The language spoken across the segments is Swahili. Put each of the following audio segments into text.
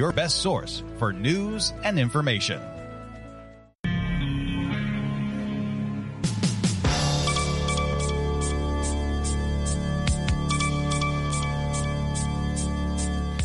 your best source for news and information.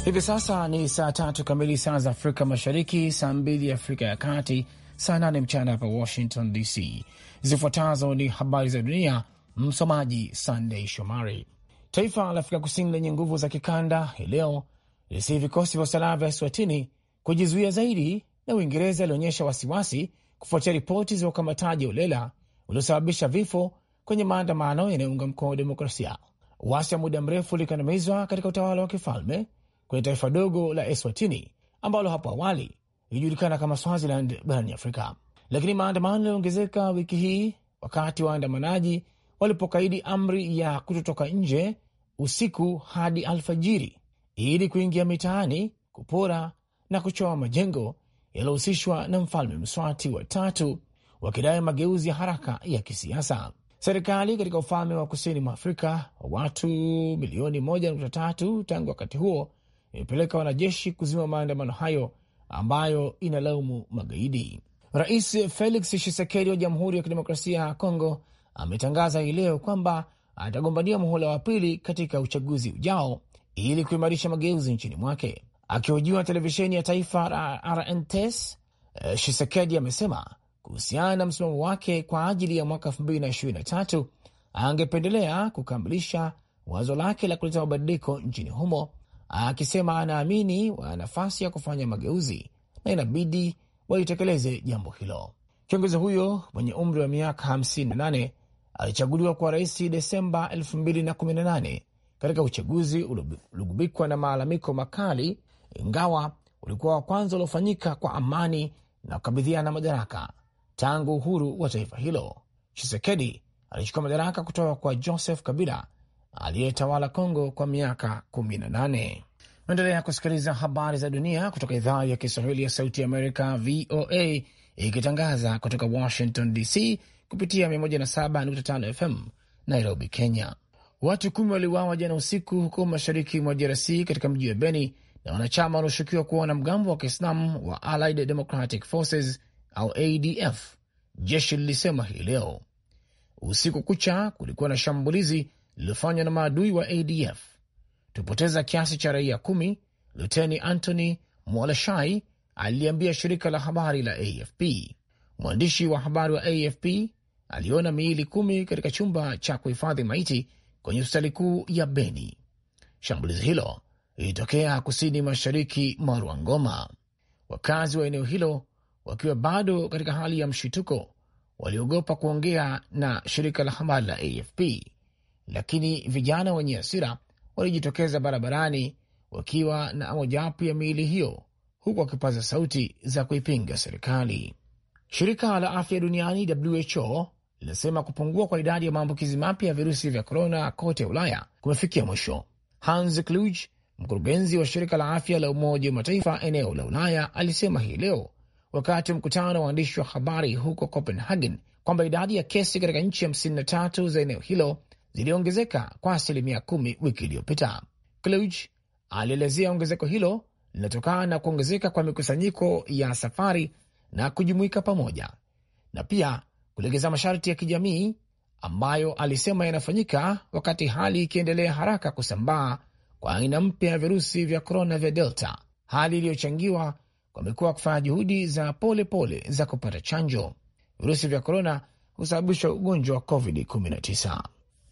Hivi sasa ni saa tatu kamili saa za Afrika Mashariki, saa mbili Afrika ya Kati, saa nane mchana hapa Washington DC. Zifuatazo ni habari za dunia, msomaji Sandei Shomari. Taifa la Afrika Kusini lenye nguvu za kikanda hii leo ilisihi vikosi vya usalama vya Swatini kujizuia zaidi, na Uingereza ilionyesha wasiwasi kufuatia ripoti za ukamataji holela uliosababisha vifo kwenye maandamano yanayounga mkono demokrasia. Uasi wa muda mrefu ulikandamizwa katika utawala wa kifalme kwenye taifa dogo la Eswatini ambalo hapo awali lilijulikana kama Swaziland barani Afrika, lakini maandamano yaliongezeka wiki hii wakati waandamanaji walipokaidi amri ya kutotoka nje usiku hadi alfajiri ili kuingia mitaani kupora na kuchoma majengo yaliyohusishwa na mfalme Mswati wa tatu, wakidai mageuzi ya haraka ya kisiasa. Serikali katika ufalme wa kusini mwa Afrika wa watu milioni 1.3 tangu wakati huo imepeleka wanajeshi kuzima maandamano hayo ambayo inalaumu magaidi. Rais Felix Tshisekedi wa Jamhuri ya Kidemokrasia ya Kongo ametangaza hii leo kwamba atagombania muhula wa pili katika uchaguzi ujao ili kuimarisha mageuzi nchini mwake. Akihojiwa televisheni ya taifa RNTS, eh, Shisekedi amesema kuhusiana na msimamo wake kwa ajili ya mwaka 2023 angependelea kukamilisha wazo lake la kuleta mabadiliko nchini humo, akisema anaamini wana nafasi ya kufanya mageuzi na inabidi walitekeleze jambo hilo. Kiongozi huyo mwenye umri wa miaka 58 alichaguliwa kwa rais Desemba 2018 katika uchaguzi uliogubikwa na malalamiko makali, ingawa ulikuwa wa kwanza uliofanyika kwa amani na kukabidhiana madaraka tangu uhuru wa taifa hilo. Chisekedi alichukua madaraka kutoka kwa Joseph Kabila aliyetawala Kongo kwa miaka 18. Naendelea kusikiliza habari za dunia kutoka idhaa ya Kiswahili ya Sauti ya Amerika, VOA, ikitangaza kutoka Washington DC kupitia 107.5 FM Nairobi, Kenya. Watu kumi waliuawa jana usiku huko mashariki mwa DRC katika mji wa Beni na wanachama wanaoshukiwa kuwa wanamgambo wa Kiislamu wa Allied Democratic Forces au ADF, jeshi lilisema hii leo. Usiku kucha kulikuwa na shambulizi lililofanywa na maadui wa ADF. Tupoteza kiasi cha raia kumi, Luteni Antony Mwalashai aliambia shirika la habari la AFP. Mwandishi wa habari wa AFP aliona miili kumi katika chumba cha kuhifadhi maiti kwenye hospitali kuu ya Beni. Shambulizi hilo lilitokea kusini mashariki mwa Rwangoma. Wakazi wa eneo hilo wakiwa bado katika hali ya mshituko, waliogopa kuongea na shirika la habari la AFP, lakini vijana wenye hasira walijitokeza barabarani wakiwa na mojawapo ya miili hiyo, huku wakipaza sauti za kuipinga serikali. Shirika la afya duniani WHO linasema kupungua kwa idadi ya maambukizi mapya ya virusi vya korona kote Ulaya kumefikia mwisho. Hans Kluge, mkurugenzi wa shirika la afya la Umoja wa Mataifa eneo la Ulaya, alisema hii leo wakati wa mkutano wa waandishi wa habari huko Copenhagen kwamba idadi ya kesi katika nchi hamsini na tatu za eneo hilo ziliongezeka kwa asilimia kumi wiki iliyopita. Kluge alielezea ongezeko hilo linatokana na kuongezeka kwa mikusanyiko ya safari na kujumuika pamoja na pia kulegeza masharti ya kijamii ambayo alisema yanafanyika wakati hali ikiendelea haraka kusambaa kwa aina mpya ya virusi vya korona vya Delta, hali iliyochangiwa kwamekuwa kufanya juhudi za polepole pole za kupata chanjo. Virusi vya korona husababisha ugonjwa wa COVID-19.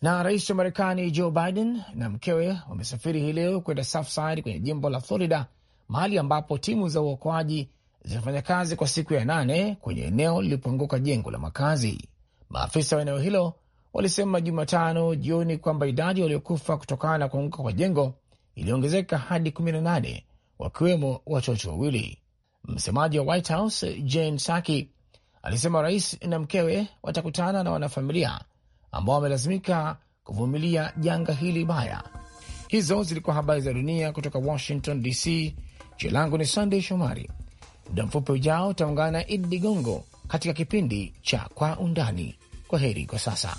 Na rais wa Marekani Joe Biden na mkewe wamesafiri hii leo kwenda Surfside kwenye jimbo la Florida, mahali ambapo timu za uokoaji zinafanya kazi kwa siku ya nane kwenye eneo lilipoanguka jengo la makazi. Maafisa wa eneo hilo walisema Jumatano jioni kwamba idadi waliokufa kutokana na kuanguka kwa jengo iliongezeka hadi 18 wakiwemo watoto wawili. Msemaji wa White House Jane Psaki alisema rais na mkewe watakutana na wanafamilia ambao wamelazimika kuvumilia janga hili baya. Hizo zilikuwa habari za dunia kutoka Washington DC. Jina langu ni Sandey Shomari. Muda mfupi ujao utaungana na Idi Ligongo katika kipindi cha Kwa Undani. Kwa heri kwa sasa.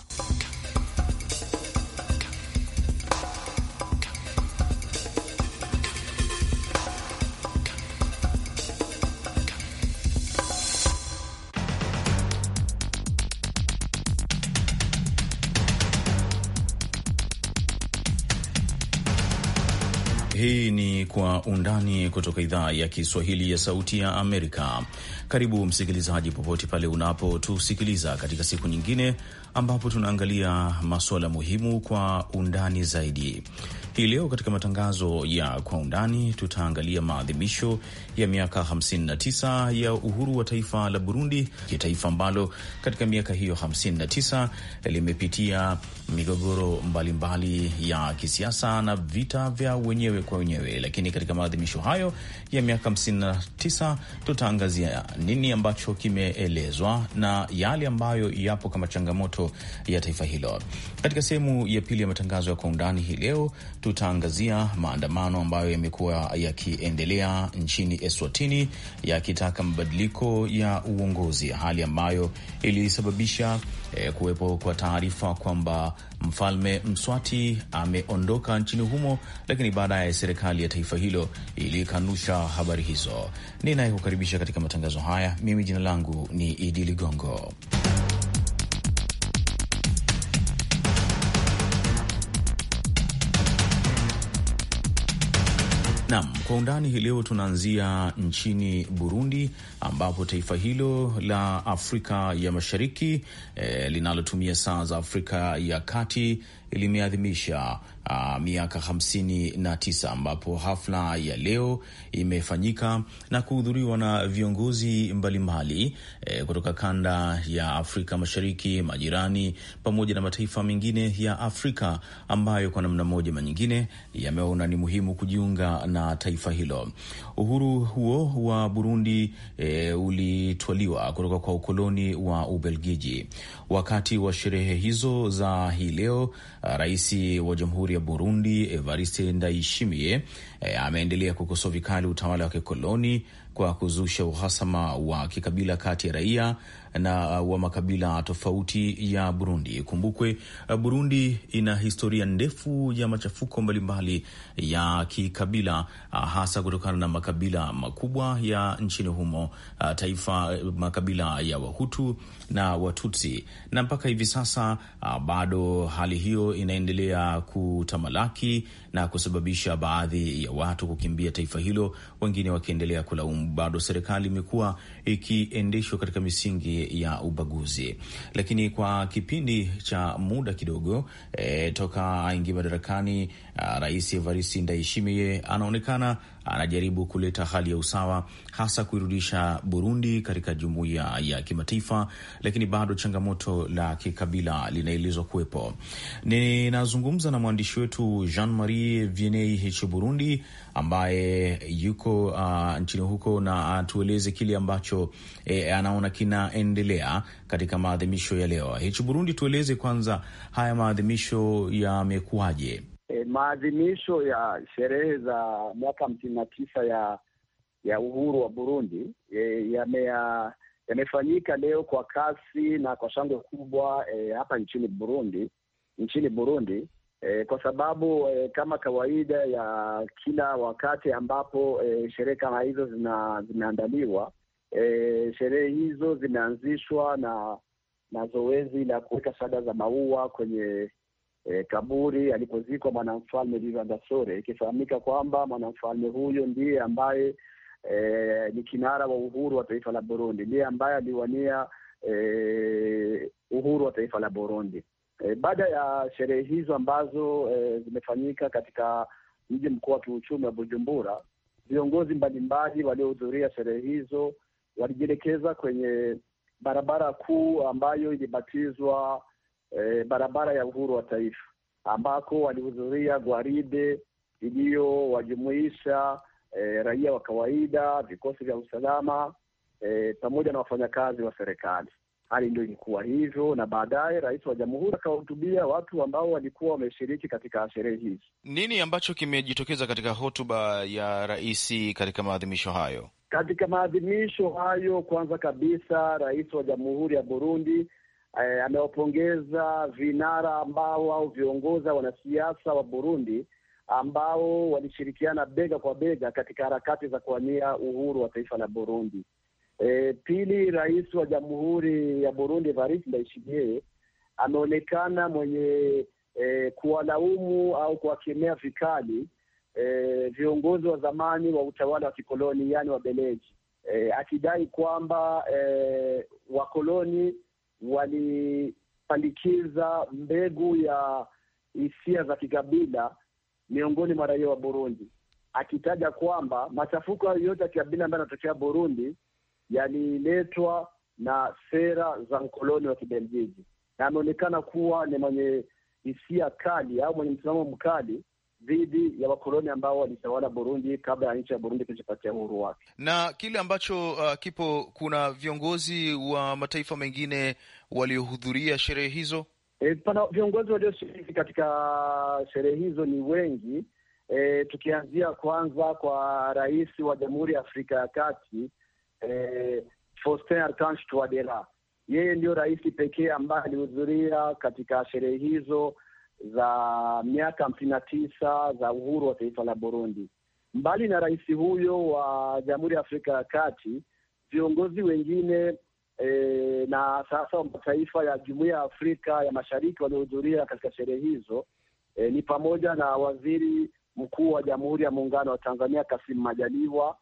Kwa Undani kutoka idhaa ya Kiswahili ya Sauti ya Amerika. Karibu msikilizaji, popote pale unapotusikiliza katika siku nyingine ambapo tunaangalia masuala muhimu kwa undani zaidi. Hii leo katika matangazo ya kwa undani tutaangalia maadhimisho ya miaka 59 ya uhuru wa taifa la Burundi, taifa ambalo katika miaka hiyo 59 limepitia migogoro mbalimbali ya kisiasa na vita vya wenyewe kwa wenyewe. Lakini katika maadhimisho hayo ya miaka 59 tutaangazia nini ambacho kimeelezwa na yale ambayo yapo kama changamoto ya taifa hilo. Katika sehemu ya pili ya matangazo ya kwa undani hii leo tutaangazia maandamano ambayo yamekuwa yakiendelea nchini Eswatini yakitaka mabadiliko ya uongozi, hali ambayo ilisababisha eh, kuwepo kwa taarifa kwamba mfalme Mswati ameondoka nchini humo, lakini baadaye serikali ya taifa hilo ilikanusha habari hizo. Ninayekukaribisha katika matangazo haya, mimi jina langu ni Idi Ligongo. Naam, kwa undani hii leo tunaanzia nchini Burundi ambapo taifa hilo la Afrika ya Mashariki eh, linalotumia saa za Afrika ya Kati limeadhimisha uh, ah, miaka 59 ambapo hafla ya leo imefanyika na kuhudhuriwa na viongozi mbalimbali eh, kutoka kanda ya Afrika Mashariki, majirani, pamoja na mataifa mengine ya Afrika ambayo kwa namna moja manyingine nyingine yameona ni muhimu kujiunga na taifa hilo. Uhuru huo wa Burundi eh, ulitwaliwa kutoka kwa ukoloni wa Ubelgiji. Wakati wa sherehe hizo za hii leo Eh, Rais wa Jamhuri ya Burundi Evariste Ndayishimiye e, ameendelea kukosoa vikali utawala wa kikoloni kwa kuzusha uhasama wa kikabila kati ya raia na uh, wa makabila tofauti ya Burundi. Kumbukwe uh, Burundi ina historia ndefu ya machafuko mbalimbali ya kikabila, uh, hasa kutokana na makabila makubwa ya nchini humo, taifa makabila ya Wahutu na Watutsi, na mpaka hivi sasa bado hali hiyo inaendelea kutamalaki na kusababisha baadhi ya watu kukimbia taifa hilo, wengine wakiendelea kulaumu. Bado serikali imekuwa ikiendeshwa katika misingi ya ubaguzi. Lakini kwa kipindi cha muda kidogo e, toka aingia madarakani, ah, rais Evariste Ndayishimiye anaonekana anajaribu kuleta hali ya usawa, hasa kuirudisha Burundi katika jumuiya ya kimataifa, lakini bado changamoto la kikabila linaelezwa kuwepo. Ninazungumza na mwandishi wetu Jean Marie Vianney hichi Burundi ambaye yuko uh, nchini huko na atueleze kile ambacho eh, anaona kinaendelea katika maadhimisho ya leo hichi Burundi. Tueleze kwanza haya maadhimisho yamekuwaje? e, maadhimisho ya sherehe za mwaka hamsini na tisa ya ya uhuru wa Burundi e, yamefanyika leo kwa kasi na kwa shangwe kubwa e, hapa nchini Burundi nchini Burundi e, kwa sababu e, kama kawaida ya kila wakati ambapo e, sherehe kama hizo zina, e, sherehe hizo zimeanzishwa na na zoezi la kuweka shada za maua kwenye e, kaburi alipozikwa mwanamfalme Livandasore, ikifahamika kwamba mwanamfalme huyo ndiye ambaye e, ni kinara wa uhuru wa taifa la Burundi, ndiye ambaye aliwania e, uhuru wa taifa la Burundi. E, baada ya sherehe hizo ambazo e, zimefanyika katika mji mkuu wa kiuchumi wa Bujumbura, viongozi mbalimbali waliohudhuria sherehe hizo walijielekeza kwenye barabara kuu ambayo ilibatizwa e, barabara ya uhuru wa taifa ambako walihudhuria gwaride iliyowajumuisha e, raia wa kawaida, vikosi vya usalama e, pamoja na wafanyakazi wa serikali. Hali ndio ilikuwa hivyo, na baadaye rais wa jamhuri akawahutubia watu ambao walikuwa wameshiriki katika sherehe hizi. Nini ambacho kimejitokeza katika hotuba ya rais katika maadhimisho hayo? Katika maadhimisho hayo, kwanza kabisa, rais wa jamhuri ya Burundi eh, amewapongeza vinara ambao au viongoza wanasiasa wa Burundi ambao walishirikiana bega kwa bega katika harakati za kuwania uhuru wa taifa la Burundi. E, pili, rais wa jamhuri ya Burundi Evariste Ndayishimiye ameonekana mwenye e, kuwalaumu au kuwakemea vikali e, viongozi wa zamani wa utawala wa kikoloni yaani wabeleji e, akidai kwamba e, wakoloni walipandikiza mbegu ya hisia za kikabila miongoni mwa raia wa Burundi, akitaja kwamba machafuko hayo yote ya kikabila ambayo yanatokea Burundi yaliletwa na sera za mkoloni wa Kibelgiji, na ameonekana kuwa ni mwenye hisia kali au mwenye msimamo mkali dhidi ya wakoloni ambao walitawala Burundi kabla ya nchi ya Burundi kujipatia uhuru wake, na kile ambacho uh, kipo kuna viongozi wa mataifa mengine waliohudhuria sherehe hizo. E, pana viongozi walioshiriki katika sherehe hizo ni wengi. E, tukianzia kwanza kwa rais wa Jamhuri ya Afrika ya Kati e, Faustin Archange Touadera, yeye ndio rais pekee ambaye alihudhuria katika sherehe hizo za miaka hamsini na tisa za uhuru wa taifa la Burundi. Mbali na rais huyo wa Jamhuri ya Afrika ya Kati, viongozi wengine e, na sasa wa mataifa ya Jumuiya ya Afrika ya Mashariki waliohudhuria katika sherehe hizo e, ni pamoja na waziri mkuu wa Jamhuri ya Muungano wa Tanzania Kassim Majaliwa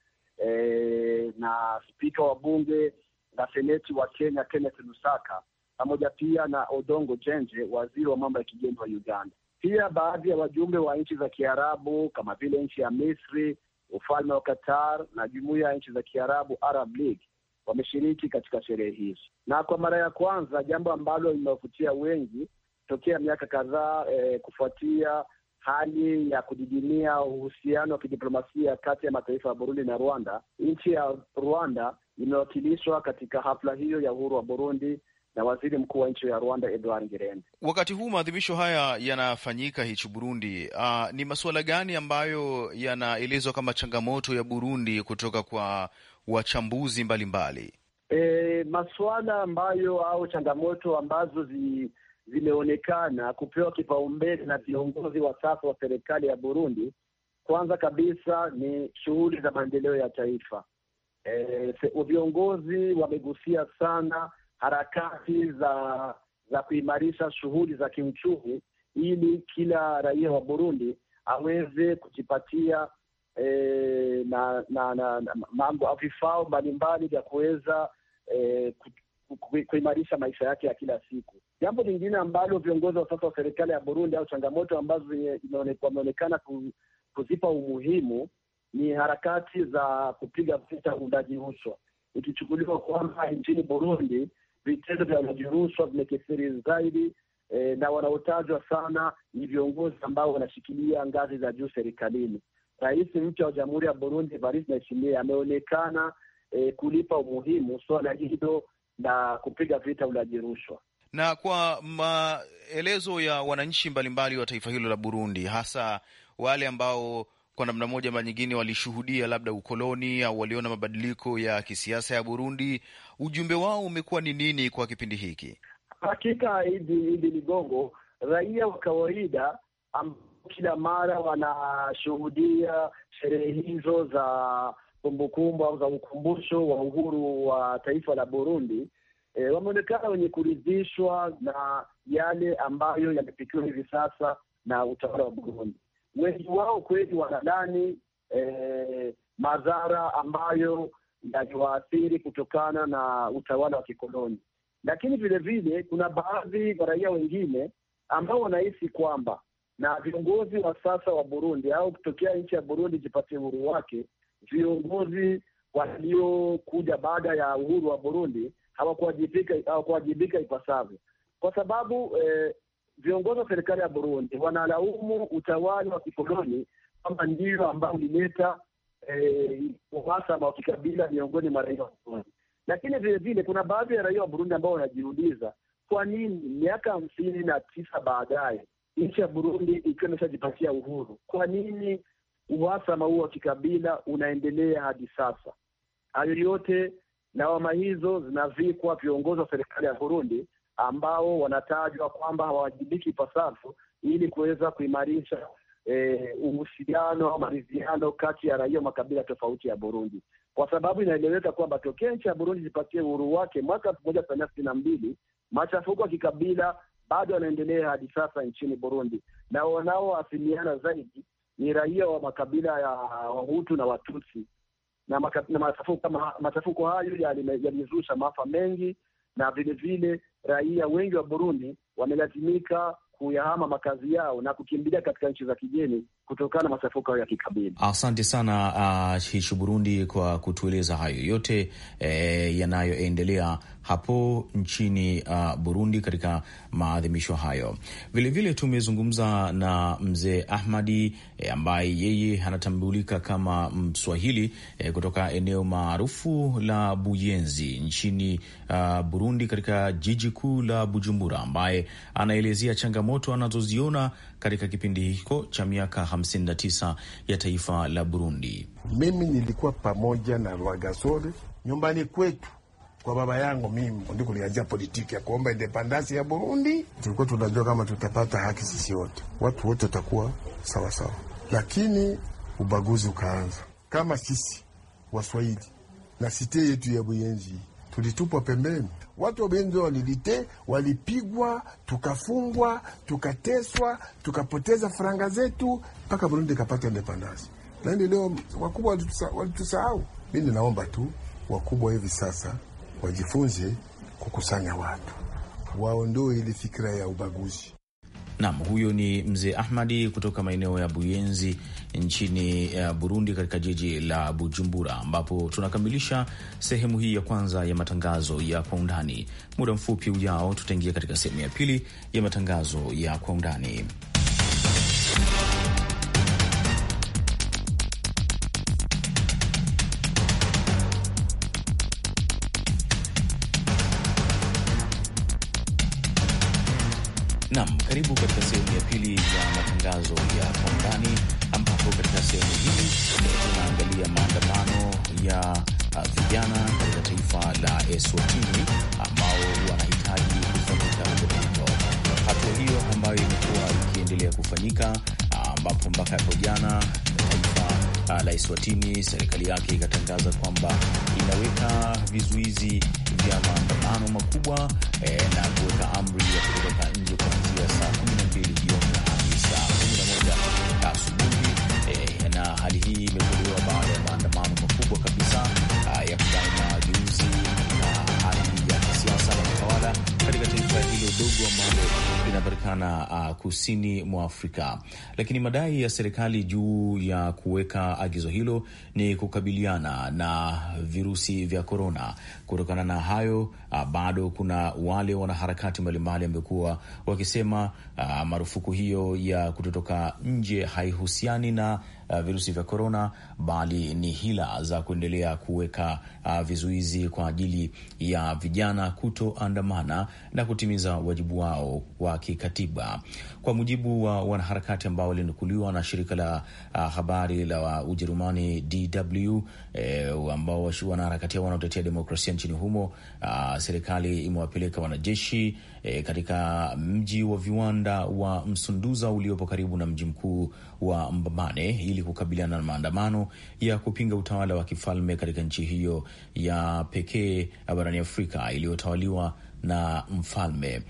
e, na spika wa bunge na seneti wa Kenya Kenneth Lusaka pamoja pia na Odongo Jenje, waziri wa mambo ya kigeni wa Uganda. Pia baadhi ya wajumbe wa nchi za Kiarabu kama vile nchi ya Misri, ufalme wa Qatar na jumuiya ya nchi za Kiarabu, Arab League, wameshiriki katika sherehe hizi, na kwa mara ya kwanza, jambo ambalo limewavutia wengi tokea miaka kadhaa eh, kufuatia hali ya kudidimia uhusiano wa kidiplomasia kati ya mataifa ya Burundi na Rwanda. Nchi ya Rwanda imewakilishwa katika hafla hiyo ya uhuru wa Burundi na waziri mkuu wa nchi ya Rwanda Edward Ngirente. Wakati huu maadhimisho haya yanafanyika hichi Burundi, uh, ni masuala gani ambayo yanaelezwa kama changamoto ya Burundi kutoka kwa wachambuzi mbalimbali? E, masuala ambayo au changamoto ambazo zi, zimeonekana kupewa kipaumbele na viongozi wa sasa wa serikali ya Burundi, kwanza kabisa ni shughuli za maendeleo ya taifa. E, viongozi wamegusia sana harakati za za kuimarisha shughuli za kiuchumi ili kila raia wa Burundi aweze kujipatia e, na, na, na, na mambo au vifao mbalimbali vya kuweza e, kuimarisha maisha yake ya kila siku. Jambo lingine ambalo viongozi wa sasa wa serikali ya Burundi au changamoto ambazo wameonekana kuzipa umuhimu ni harakati za kupiga vita uundaji rushwa, ikichukuliwa kwamba nchini Burundi vitendo vya ulaji rushwa vimekithiri zaidi. E, na wanaotajwa sana ni viongozi ambao wanashikilia ngazi za juu serikalini. Rais mpya wa Jamhuri ya Burundi Evariste Ndayishimiye ameonekana e, kulipa umuhimu suala hilo la kupiga vita ulaji rushwa. Na kwa maelezo ya wananchi mbalimbali wa taifa hilo la Burundi, hasa wale ambao kwa namna moja ama nyingine walishuhudia labda ukoloni au waliona mabadiliko ya kisiasa ya Burundi, ujumbe wao umekuwa ni nini kwa kipindi hiki? Hakika hivi hivi ligongo, raia wa kawaida kila mara wanashuhudia sherehe hizo za kumbukumbu au za ukumbusho wa uhuru wa taifa la Burundi, e, wameonekana wenye kuridhishwa na yale ambayo yamepikiwa hivi sasa na utawala wa Burundi wengi wao kweli wanadani eh, madhara ambayo yaliwaathiri kutokana na utawala wa kikoloni, lakini vile vile kuna baadhi ya raia wengine ambao wanahisi kwamba na viongozi wa sasa wa Burundi au kutokea nchi ya Burundi ijipatie uhuru wake, viongozi waliokuja baada ya uhuru wa Burundi hawakuwajibika hawakuwajibika ipasavyo, kwa sababu eh, viongozi wa serikali ya Burundi wanalaumu utawala wa kikoloni kama ndio ambao ulileta eh, uhasama wa kikabila miongoni mwa raia wa Burundi, lakini vile vile kuna baadhi ya raia wa Burundi ambao wanajiuliza kwa nini miaka hamsini na tisa baadaye nchi ya Burundi ikiwa imeshajipatia uhuru, kwa nini uhasama huo wa kikabila unaendelea hadi sasa? Hayo yote lawama hizo zinavikwa viongozi wa serikali ya Burundi ambao wanatajwa kwamba hawawajibiki ipasavyo ili kuweza kuimarisha eh, uhusiano au maridhiano kati ya raia wa makabila tofauti ya Burundi, kwa sababu inaeleweka kwamba tokea nchi ya Burundi zipatie uhuru wake mwaka elfu moja mia tisa sitini na mbili machafuko ya kikabila bado yanaendelea hadi sasa nchini Burundi, na wanaoasimiana zaidi ni raia wa makabila ya Wahutu na Watutsi na machafuko hayo yalizusha maafa mengi na vilevile raia wengi wa Burundi wamelazimika kuyahama makazi yao na kukimbilia katika nchi za kigeni kutokana na machafuko hayo ya kikabila. Asante sana uh, Hishu Burundi kwa kutueleza hayo yote eh, yanayoendelea hapo nchini uh, Burundi katika maadhimisho hayo. Vilevile tumezungumza na mzee Ahmadi e, ambaye yeye anatambulika kama Mswahili e, kutoka eneo maarufu la Buyenzi nchini uh, Burundi katika jiji kuu la Bujumbura, ambaye anaelezea changamoto anazoziona katika kipindi hicho cha miaka 59 ya taifa la Burundi. Mimi nilikuwa pamoja na Rwagasore nyumbani kwetu kwa baba yangu mimi ndiko nilianzia politiki ya kuomba independansi ya Burundi. Tulikuwa tunajua kama tutapata haki sisi wote, watu wote watakuwa sawasawa lakini ubaguzi ukaanza. Kama sisi Waswahili na site yetu ya Buyenzi tulitupwa pembeni watu wa Benzo walilite walipigwa, tukafungwa, tukateswa, tukapoteza faranga zetu mpaka Burundi ikapata independence. Lakini leo wakubwa walitusahau. Mi ninaomba tu wakubwa hivi sasa wajifunze kukusanya watu, waondoe ile fikira ya ubaguzi. Naam, huyo ni mzee Ahmadi kutoka maeneo ya Buyenzi nchini eh, Burundi, katika jiji la Bujumbura, ambapo tunakamilisha sehemu hii ya kwanza ya matangazo ya kwa undani. Muda mfupi ujao, tutaingia katika sehemu ya pili ya matangazo ya kwa undani. Karibu katika sehemu ya pili ya matangazo ya kwa undani, ambapo katika sehemu hii tunaangalia maandamano ya uh, vijana katika taifa la Eswatini ambao wanahitaji kufanyika mabadiliko. Hatua hiyo ambayo imekuwa ikiendelea kufanyika, ambapo mpaka hapo jana taifa uh, la Eswatini serikali yake ikatangaza kwamba inaweka vizuizi vya maandamano makubwa e, na kuweka amri ya kutotoka nje kuanzia saa kumi na mbili jioni hadi saa kumi na moja asubuhi e, na hali hii imetolewa baada ya maandamano makubwa kabisa sana uh, kusini mwa Afrika, lakini madai ya serikali juu ya kuweka agizo hilo ni kukabiliana na virusi vya korona. Kutokana na hayo, uh, bado kuna wale wanaharakati mbalimbali wamekuwa wakisema uh, marufuku hiyo ya kutotoka nje haihusiani na Uh, virusi vya korona, bali ni hila za kuendelea kuweka uh, vizuizi kwa ajili ya vijana kutoandamana na kutimiza wajibu wao wa kikatiba, kwa mujibu wa wanaharakati ambao walinukuliwa na shirika la uh, habari la Ujerumani DW e, ambao wanaharakati hao wanaotetea demokrasia nchini humo. A, ah, serikali imewapeleka wanajeshi e, katika mji wa viwanda wa Msunduza uliopo karibu na mji mkuu wa Mbabane ili kukabiliana na maandamano ya kupinga utawala wa kifalme katika nchi hiyo ya pekee barani Afrika iliyotawaliwa na mfalme.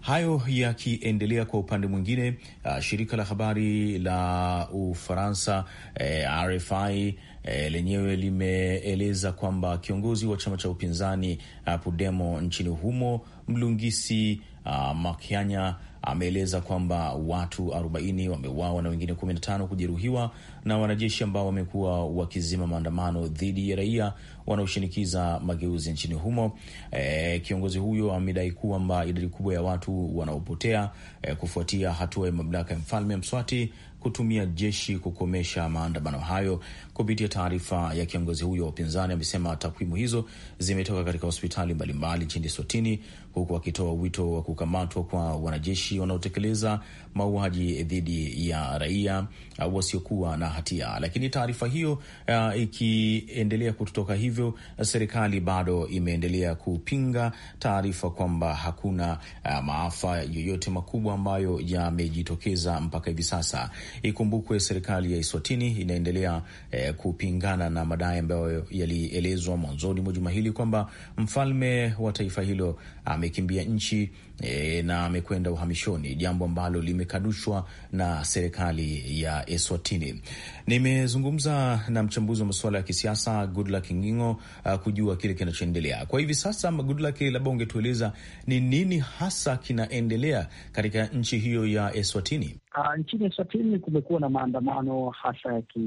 Hayo yakiendelea, kwa upande mwingine, uh, shirika la habari la Ufaransa eh, uh, RFI eh, uh, lenyewe limeeleza kwamba kiongozi wa chama cha upinzani uh, Podemo nchini humo Mlungisi uh, Makyanya ameeleza kwamba watu 40 wameuawa na wengine 15 kujeruhiwa na wanajeshi ambao wamekuwa wakizima maandamano dhidi ya raia wanaoshinikiza mageuzi nchini humo. E, kiongozi huyo amedai kwamba idadi kubwa ya watu wanaopotea e, kufuatia hatua ya mamlaka ya mfalme Mswati kutumia jeshi kukomesha maandamano hayo Kupitia taarifa ya kiongozi huyo wa upinzani, amesema takwimu hizo zimetoka katika hospitali mbalimbali nchini Sotini, huku akitoa wito wa kukamatwa kwa wanajeshi wanaotekeleza mauaji dhidi ya raia uh, wasiokuwa na hatia. Lakini taarifa hiyo uh, ikiendelea kutotoka hivyo, serikali bado imeendelea kupinga taarifa kwamba hakuna uh, maafa yoyote makubwa ambayo yamejitokeza mpaka hivi sasa. Ikumbukwe serikali ya Iswatini inaendelea eh, Eh, kupingana na madai ambayo yalielezwa mwanzoni mwa juma hili kwamba mfalme wa taifa hilo amekimbia nchi e, na amekwenda uhamishoni, jambo ambalo limekanushwa na serikali ya Eswatini. Nimezungumza na mchambuzi wa masuala ya kisiasa Goodluck Ngingo uh, kujua kile kinachoendelea kwa hivi sasa. Goodluck, labda ungetueleza ni nini hasa kinaendelea katika nchi hiyo ya Eswatini? Uh, nchini Eswatini kumekuwa na maandamano hasa ya ki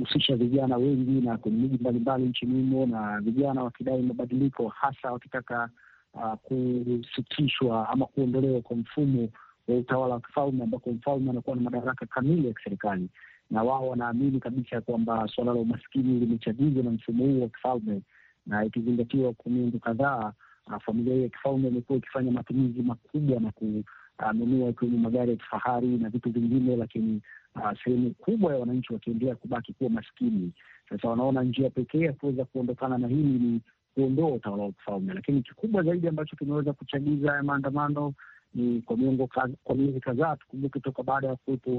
kuhusisha vijana wengi na kwenye miji mbalimbali nchini humo, na vijana wakidai mabadiliko, hasa wakitaka uh, kusitishwa ama kuondolewa kwa mfumo wa utawala wa kifalme ambako mfalme anakuwa na madaraka kamili ya kiserikali, na wao wanaamini kabisa kwamba suala la umaskini limechagizwa na mfumo huo wa kifalme, na ikizingatiwa kwa miongo kadhaa uh, familia hii ya kifalme imekuwa ikifanya matumizi makubwa na ku ameaminiwa ikiwemo magari ya kifahari na vitu vingine, lakini uh, sehemu kubwa ya wananchi wakiendelea kubaki kuwa maskini. Sasa wanaona njia pekee ya kuweza kuondokana na hili ni kuondoa utawala wa kifalme, lakini kikubwa zaidi ambacho kimeweza kuchagiza ya maandamano ni kwa miongo kwa miezi kadhaa, tukumbuke toka baada ya kuwepo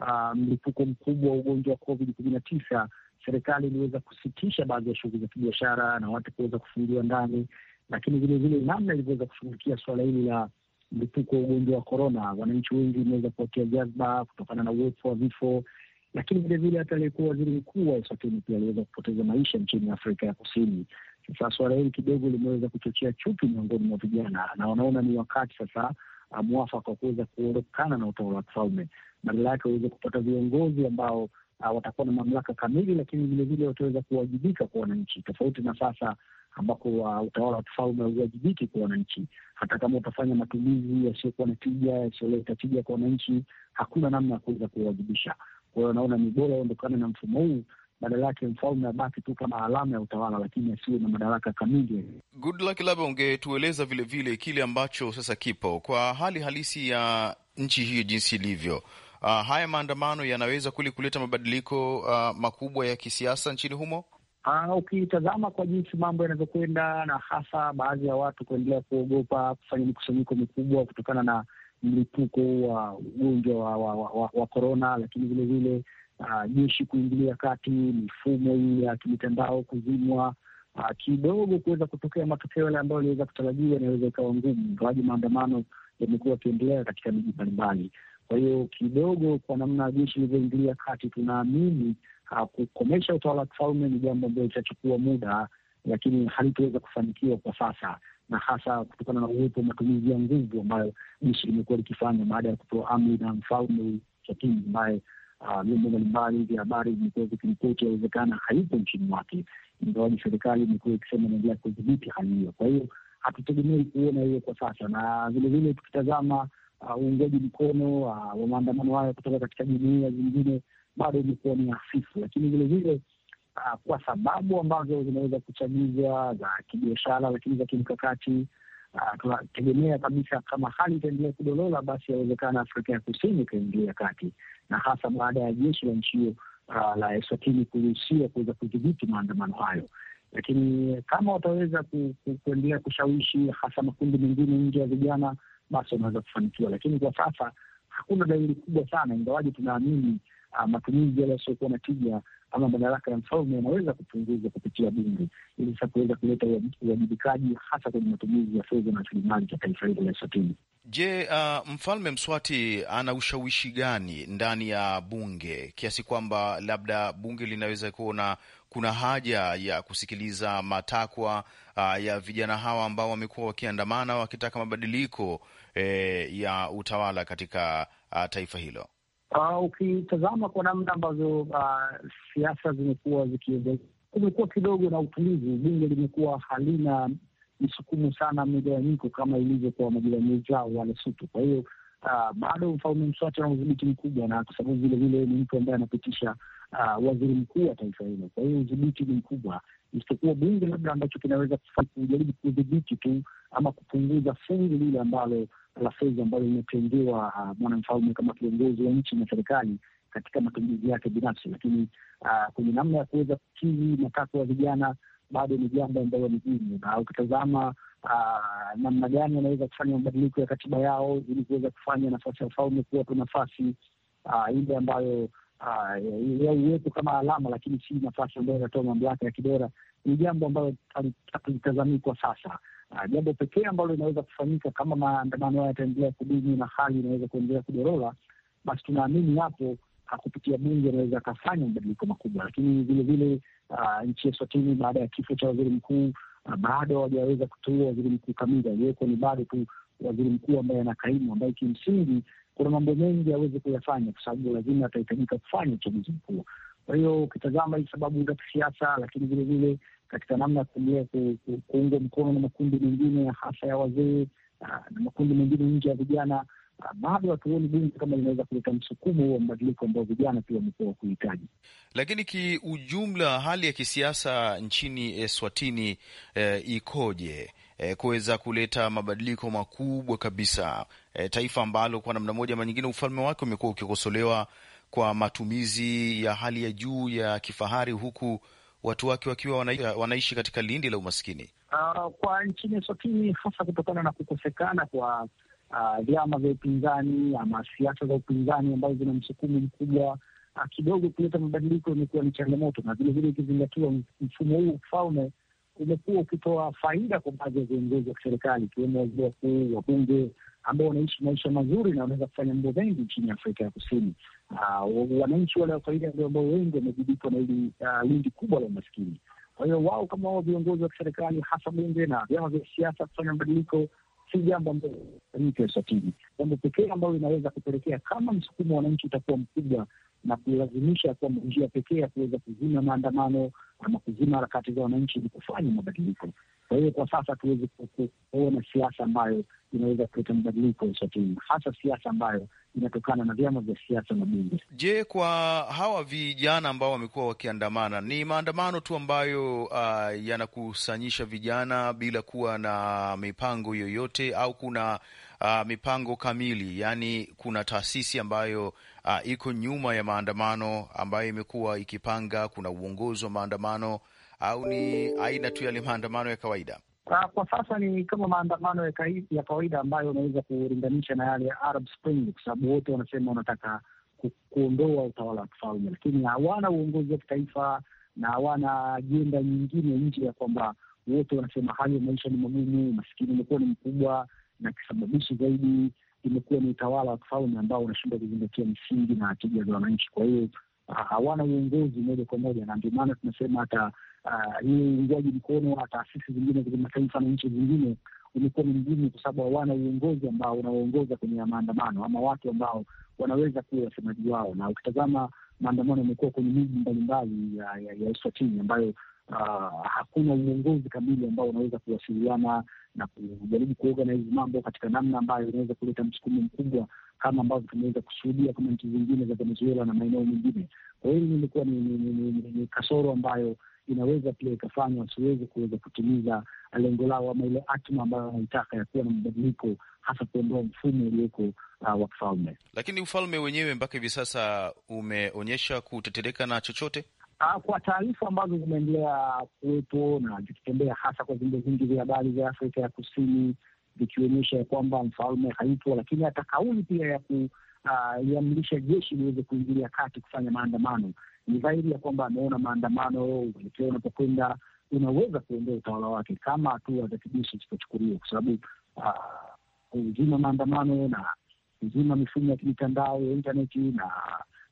uh, mlipuko mkubwa wa ugonjwa wa covid kumi na tisa, serikali iliweza kusitisha baadhi ya shughuli za kibiashara na watu kuweza kufungiwa ndani, lakini vilevile namna ilivyoweza kushughulikia suala hili la mlipuko wa ugonjwa wa korona. Wananchi wengi wameweza kupokea jazba kutokana na uwepo wa vifo, lakini vilevile hata aliyekuwa waziri mkuu wa Eswatini pia aliweza kupoteza maisha nchini Afrika ya Kusini. Sasa suala hili kidogo limeweza kuchochea chuki miongoni mwa vijana, na wanaona ni wakati sasa uh, mwafaka wa kuweza kuondokana na utawala wa kifalme, badala yake waweze kupata viongozi ambao uh, watakuwa na mamlaka kamili, lakini vilevile wataweza kuwajibika kwa wananchi, tofauti na sasa ambako uh, utawala wa kifalme hauwajibiki kwa wananchi. Hata kama utafanya matumizi yasiyokuwa na tija, yasiyoleta tija kwa wananchi, hakuna namna ya kuweza kuwajibisha. Kwa hiyo naona ni bora aondokane na mfumo huu badala yake mfalme abaki tu kama alama ya utawala, lakini asiwe na madaraka kamili. Good luck, labda ungetueleza vilevile kile ambacho sasa kipo kwa hali halisi ya nchi hii jinsi ilivyo. Uh, haya maandamano yanaweza kweli kuleta mabadiliko uh, makubwa ya kisiasa nchini humo? Ah, ukitazama kwa jinsi mambo yanavyokwenda na hasa baadhi ya watu kuendelea kuogopa kufanya mikusanyiko mikubwa kutokana na mlipuko wa ugonjwa wa korona, lakini vilevile ah, jeshi kuingilia kati, mifumo hii ya kimitandao kuzimwa, ah, kidogo kuweza kutokea matokeo yale ambayo aliweza kutarajiwa, inaweza ikawa ngumu, ingawaji maandamano yamekuwa yakiendelea katika miji mbalimbali. Kwa hiyo kidogo, kwa namna jeshi ilivyoingilia kati, tunaamini Ah, kukomesha utawala wa kifalme ni jambo ambayo itachukua muda, lakini halitoweza kufanikiwa kwa sasa, na hasa kutokana na uwepo wa matumizi ya nguvu ambayo jeshi limekuwa likifanya baada ya kutoa amri na mfalme Kiakimu ambaye ah, vyombo mbalimbali vya habari vimekuwa vikiripoti yawezekana haipo nchini mwake, ingawaji serikali imekuwa ikisema inaendelea kudhibiti hali hiyo. Kwa hiyo hatutegemei kuona hiyo kwa sasa, na vilevile tukitazama ah, uungaji mkono wa maandamano hayo kutoka katika jumuia zingine bado imekuwa ni hafifu, lakini vilevile uh, ah, kwa sababu ambazo zinaweza kuchagizwa za kibiashara, lakini za kimkakati uh, tunategemea kabisa kama hali itaendelea kudolola, basi yawezekana Afrika ya Kusini ikaingilia kati, na hasa baada ya jeshi la nchi hiyo uh, la Eswatini kuruhusiwa kuweza kudhibiti maandamano hayo lakini kama wataweza ku, ku, kuendelea kushawishi hasa makundi mengine nje ya vijana, basi wanaweza kufanikiwa. Lakini kwa sasa hakuna dalili kubwa sana, ingawaji tunaamini uh, matumizi yale yasiokuwa na tija ama madaraka ya mfalme yanaweza kupunguzwa kupitia bunge, ili sasa kuweza kuleta uwajibikaji hasa kwenye matumizi ya fedha na rasilimali za taifa hilo la Eswatini. Je, uh, mfalme Mswati ana ushawishi gani ndani ya bunge kiasi kwamba labda bunge linaweza kuona kuna haja ya kusikiliza matakwa uh, ya vijana hawa ambao wamekuwa wakiandamana wakitaka mabadiliko eh, ya utawala katika uh, taifa hilo? Uh, ukitazama kwa namna ambazo uh, ah, siasa zimekuwa zikiendelea, kumekuwa kidogo na utulivu. Bunge limekuwa halina msukumo sana, migawanyiko kama ilivyo kwa majirani zao wa Lesotho. Kwa hiyo uh, bado Mfalme Mswati ana udhibiti mkubwa, na kwa sababu vilevile ni mtu ambaye anapitisha uh, waziri mkuu wa taifa hilo. Kwa hiyo udhibiti ni mkubwa, isipokuwa bunge labda ambacho kinaweza kujaribu kudhibiti tu ama kupunguza fungu lile ambalo la fedha ambalo limetengewa uh, mwanamfalme kama kiongozi wa nchi na serikali katika matumizi yake binafsi, lakini uh, kwenye namna ya kuweza kukidhi matakwa ya vijana bado ni jambo ambalo ni gumu, na ukitazama uh, namna gani wanaweza kufanya mabadiliko ya katiba yao ili kuweza kufanya nafasi ya ufalme tu nafasi uh, ile ambayo Uh, ya uwepo kama alama lakini si nafasi ambayo inatoa mamlaka ya kidora, ni jambo ambalo halitazamii kwa sasa. Ah, jambo pekee ambalo linaweza kufanyika kama maandamano hayo yataendelea kudumu na hali inaweza kuendelea kudorora, basi tunaamini hapo kupitia bunge anaweza akafanya mabadiliko makubwa, lakini vilevile ah, nchi ya Swatini baada ya kifo cha waziri mkuu ah, bado hawajaweza kuteua waziri mkuu kamili. Aliyeko ni bado tu waziri mkuu ambaye anakaimu, ambaye kimsingi kuna mambo mengi aweze kuyafanya, kwa sababu lazima atahitajika kufanya uchaguzi mkuu. Kwa hiyo ukitazama hii sababu za kisiasa, lakini vilevile katika namna ya kuendelea kuungwa mkono na makundi mengine hasa ya wazee ah, na makundi mengine nje ya vijana, ah, bado hatuoni bunge kama linaweza kuleta msukumo wa mabadiliko ambao vijana pia wamekuwa kuhitaji. Lakini kiujumla, hali ya kisiasa nchini Eswatini eh, eh, ikoje eh, kuweza kuleta mabadiliko makubwa kabisa eh, taifa ambalo kwa namna moja ama nyingine ufalme wake umekuwa ukikosolewa kwa matumizi ya hali ya juu ya kifahari huku watu wake wakiwa wanaishi katika lindi la umaskini. Uh, kwa nchini Eswatini hasa kutokana na kukosekana kwa uh, vyama vya upinzani ama siasa za upinzani ambazo zina msukumu mkubwa uh, kidogo kuleta mabadiliko imekuwa ni changamoto, na vilevile ikizingatiwa mfumo huu ufalme umekuwa ukitoa faida kwa baadhi ya viongozi wa kiserikali ikiwemo waziri wakuu, wabunge ambao wanaishi maisha mazuri na wanaweza kufanya mambo mengi nchini Afrika ya Kusini. Uh, wananchi wale wa kawaida ndio ambao wengi wamejibikwa na hili ah, wimbi kubwa la umaskini. Kwa hiyo wao kama wao viongozi wa kiserikali hasa bunge na vyama vya siasa kufanya mabadiliko si jambo ambalo fanyike usatili. Jambo pekee ambayo inaweza kupelekea kama msukumo wa wananchi utakuwa mkubwa na kulazimisha kuwa njia pekee ya kuweza kuzima maandamano ama kuzima harakati za wananchi ni kufanya mabadiliko. Kwa hiyo kwa sasa tuweze kuona siasa ambayo inaweza kuleta mabadiliko nchini, hasa siasa ambayo inatokana na vyama vya siasa na bunge. Je, kwa hawa vijana ambao wamekuwa wakiandamana, ni maandamano tu ambayo uh, yanakusanyisha vijana bila kuwa na mipango yoyote au kuna uh, mipango kamili? Yaani kuna taasisi ambayo uh, iko nyuma ya maandamano ambayo imekuwa ikipanga, kuna uongozi wa maandamano au ni aina tu yale maandamano ya kawaida? Kwa sasa ni kama maandamano ya, ya kawaida ambayo unaweza kulinganisha na yale ya Arab Spring, kwa sababu wote wanasema wanataka kuondoa utawala wa kifalme, lakini hawana uongozi wa kitaifa na hawana ajenda nyingine nje ya kwamba wote wanasema hali ya maisha ni magumu, masikini imekuwa ni mkubwa, na kisababishi zaidi imekuwa ni utawala wa kifalme ambao unashindwa kuzingatia misingi na tija za wananchi. Kwa hiyo hawana uongozi moja kwa moja, na ndio maana tunasema hata ni ah, uungwaji mkono wa taasisi zingine za kimataifa na nchi zingine umekuwa ni mgumu, kwa sababu hawana uongozi ambao unawaongoza kwenye maandamano ama watu ambao wanaweza kuwa wasemaji wao. Na ukitazama maandamano yamekuwa kwenye miji mbalimbali ya, ya, ya Eswatini ambayo Uh, hakuna uongozi kamili ambao unaweza kuwasiliana na kujaribu kuorganize mambo katika namna ambayo inaweza kuleta msukumo mkubwa kama ambavyo tumeweza kushuhudia kama nchi zingine za Venezuela na maeneo mengine. Kwa hiyo imekuwa ni, ni, ni, ni, ni kasoro ambayo inaweza pia ikafanywa wasiweze kuweza kutimiza lengo lao ama ile atma ambayo wanaitaka ya kuwa na mabadiliko, hasa kuondoa mfumo ulioko uh, wa kifalme. Lakini ufalme wenyewe mpaka hivi sasa umeonyesha kutetereka na chochote uh, kwa taarifa ambazo zimeendelea kuwepo na zikitembea hasa kwa vyombo vingi vya habari vya Afrika ya Kusini vikionyesha ya kwamba mfalme hayupo, lakini hata kauli pia ya ku uh, jeshi liweze kuingilia kati kufanya maandamano. Ni dhahiri ya kwamba ameona maandamano, uelekeo unapokwenda unaweza kuendea utawala wake kama hatua za kijeshi zitachukuliwa, kwa sababu kuzima uh, maandamano na kuzima mifumo ya kimitandao ya intaneti na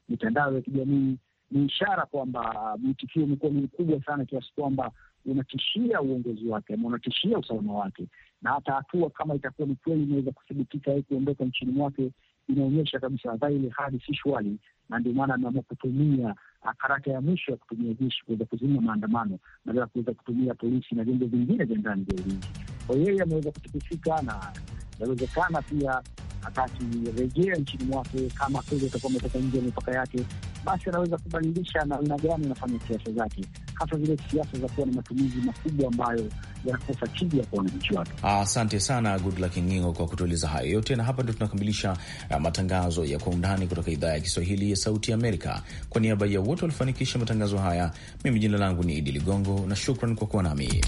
mitandao ya kijamii ni ishara kwamba mwitikio umekuwa ni mkubwa sana kiasi kwamba unatishia uongozi wake ama unatishia usalama wake, na hata hatua kama itakuwa ni kweli inaweza kuthibitika kuondoka nchini mwake, inaonyesha kabisa dhahiri hali si shwari, na ndio maana ameamua kutumia karata ah, ya mwisho ya kutumia jeshi kuweza kuzima maandamano badala ya kuweza kutumia polisi na vyombo vingine vya ndani vya ulinzi. Kwa hiyo yeye ameweza kutikisika, na inawezekana pia akakirejea nchini mwake, kama kweli atakuwa ametoka nje ya mipaka yake, basi anaweza kubadilisha namna gani anafanya siasa zake, hasa zile siasa za kuwa na matumizi makubwa ambayo yanakosa tija kwa wananchi wake. Asante sana Goodluck Ngingo kwa kutueleza hayo yote, na hapa ndo tunakamilisha uh, matangazo ya Kwa Undani kutoka idhaa ya Kiswahili ya Sauti Amerika. Kwa niaba ya wote walifanikisha matangazo haya, mimi jina langu ni Idi Ligongo na shukran kwa kuwa nami.